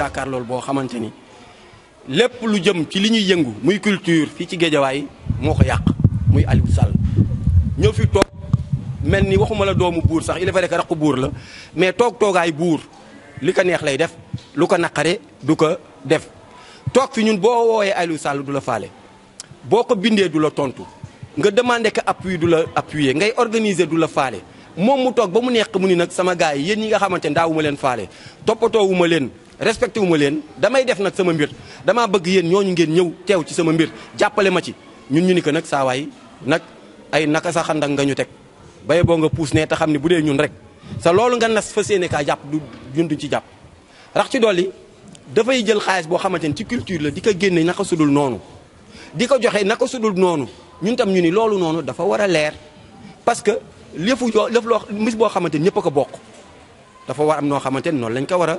jàkkaar loolu boo xamante ni lépp lu jëm ci li ñuy yëngu muy culture fii ci géejawaay moo ko yàq muy Aliou Sall ñëw fi toog mel ni waxuma la doomu buur sax il est vrai que buur la mais toog toogaay buur li ko neex lay def lu ko naqare du ko def toog fi ñun boo woowee Aliou Sall du la faale boo ko bindee du la tontu nga demandé ko appui du la appuyer ngay organiser du la faale moom mu toog ba mu nekk mu ni nag sama gars yi yéen ñi nga xamante ne daawuma leen faale respecté wu ma leen damay def nag sama mbir damaa bëgg yéen ñooñu ngeen ñëw teew ci sama mbir jàppale ma ci ñun ñu ni ko nag saawaay nag ay naka sa xandak nga ñu teg bay boo nga puus nee te xam ne bu dee ñun rek sa loolu nga nas fa séene kaa jàpp du ñun duñ ci jàpp rax ci dolli dafay jël xaalis boo xamante ni ci culture la di ko génne naka sudul noonu di ko joxe naka sudul noonu ñun tam ñu ni loolu noonu dafa war a leer parce que léfu yoo lëf loo mis boo xamante ni ñëpp a ko bokk dafa war noo xamante ni noonu lañ ko war a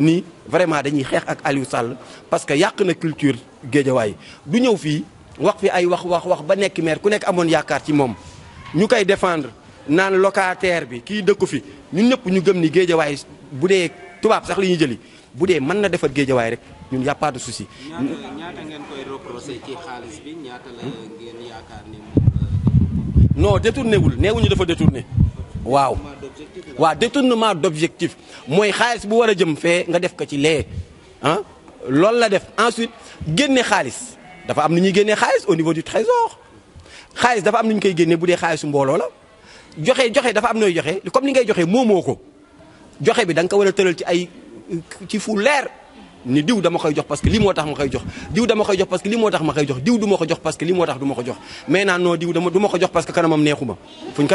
ni vraiment dañuy xex ak Aliou Sall parce que yak na culture guedjaway du ñëw fi wax fi ay wax wax wax ba nek maire ku nek amone yakar ci mom ñu koy défendre nan locataire bi ki dëkku fi ñun ñep ñu gëm ni géejawaay bu dee sax li ñu jëli bu man na defar guedjaway rek ñun y'a pas de souci. ñata ngeen koy reprocher ci xaalis bi ñata la ngeen yakar ni euh, non détourné wul neewuñu dafa détourné. Wow. Wa détournement d'objectif Moi, je bu voyez jëm je nga def ko ci hein? la def ensuite au niveau du trésor xaalis dafa am fais, je koy fais, je me fais, la fais, je dafa am je me comme ni ngay fais, je ni dama koy jox parce que li motax ma koy jox diw dama koy jox parce que ma koy jox ko parce que li motax duma ko jox mais non ko parce que fuñ ko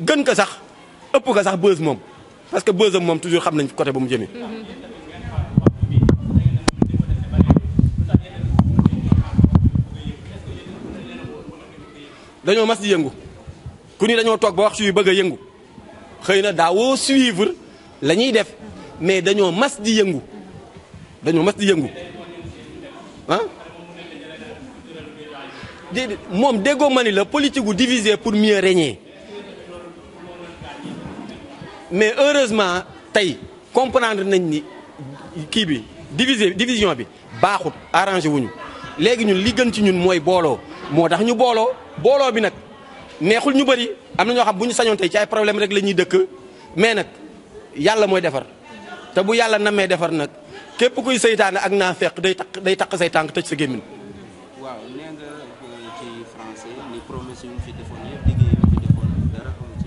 gën ko sax ëpp ko sax mom parce que mom toujours xam nañ côté bu mu dañoo mass di yëngu ku ni dañoo ba wax bëgg yëngu suivre lañuy def mais dañoo mass di yëngu dañoo mass di yëngu hein? mom la politique diviser pour mieux régner mais heureusement tey comprendre nañ ni kii bi diviser division bi baaxut arrangé wuñu léegi ñun li gën ci ñun mooy booloo moo tax ñu bolo bolo bi nak neexul ñu bari amna na ñoo xam buñu sañon tay ci ay problème rek lañuy dëkk mais nak yalla moy défar té bu yalla namé défar nak képp kuy seytaane ak naa fekk day tak day tak say tecc sa gémmiñ waaw né nga ci français ni promesse yu fi défon yëpp liggéey yu fi défon dara amu ci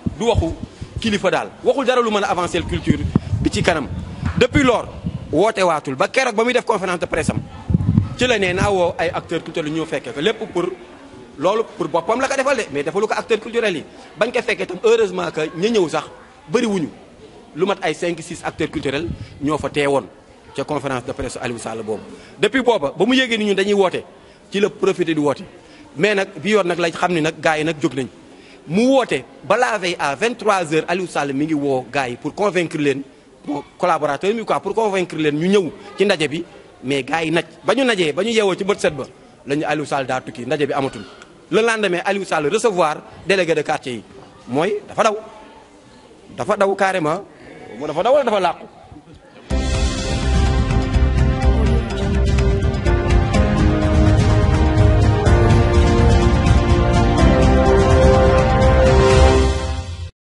du waxu kilifa dal waxul dara lu mën a avancer culture bi ci kanam depuis lors wote watul ba keroog bamuy def conférence de presse am ci la nee naa ay acteurs culturels ñoo fekkee ko lepp pour lolu pour bopam la ko defal de mais defalu ko acteurs culturels yi bañ ko tam heureusement que ña ñew sax bëri wuñu lu mat ay 5 6 acteurs culturels ñoo fa teewoon conférence de presse Aliou Sall bob depuis booba ba mu yégee ni ñun dañuy woote ci le profité du woote mais nak bi yor nak lañ xamni nak gaay nak yi nañ. mu woote balaa veille à 23h Aliou Sall mi ngi woo gars yi pour convaincre leen bon collaborateur mi pour convaincre leen ñu ñëw ci ndaje bi mais gars yi naj ba ñu najee ba ñu yeewoo ci bët set ba la ñu Aliou Sall daa tukki ndaje bi amatul. la lendemain Aliou Sall recevoir délégué de quartier yi mooy dafa daw dafa daw carrément dafa daw wala dafa làqu.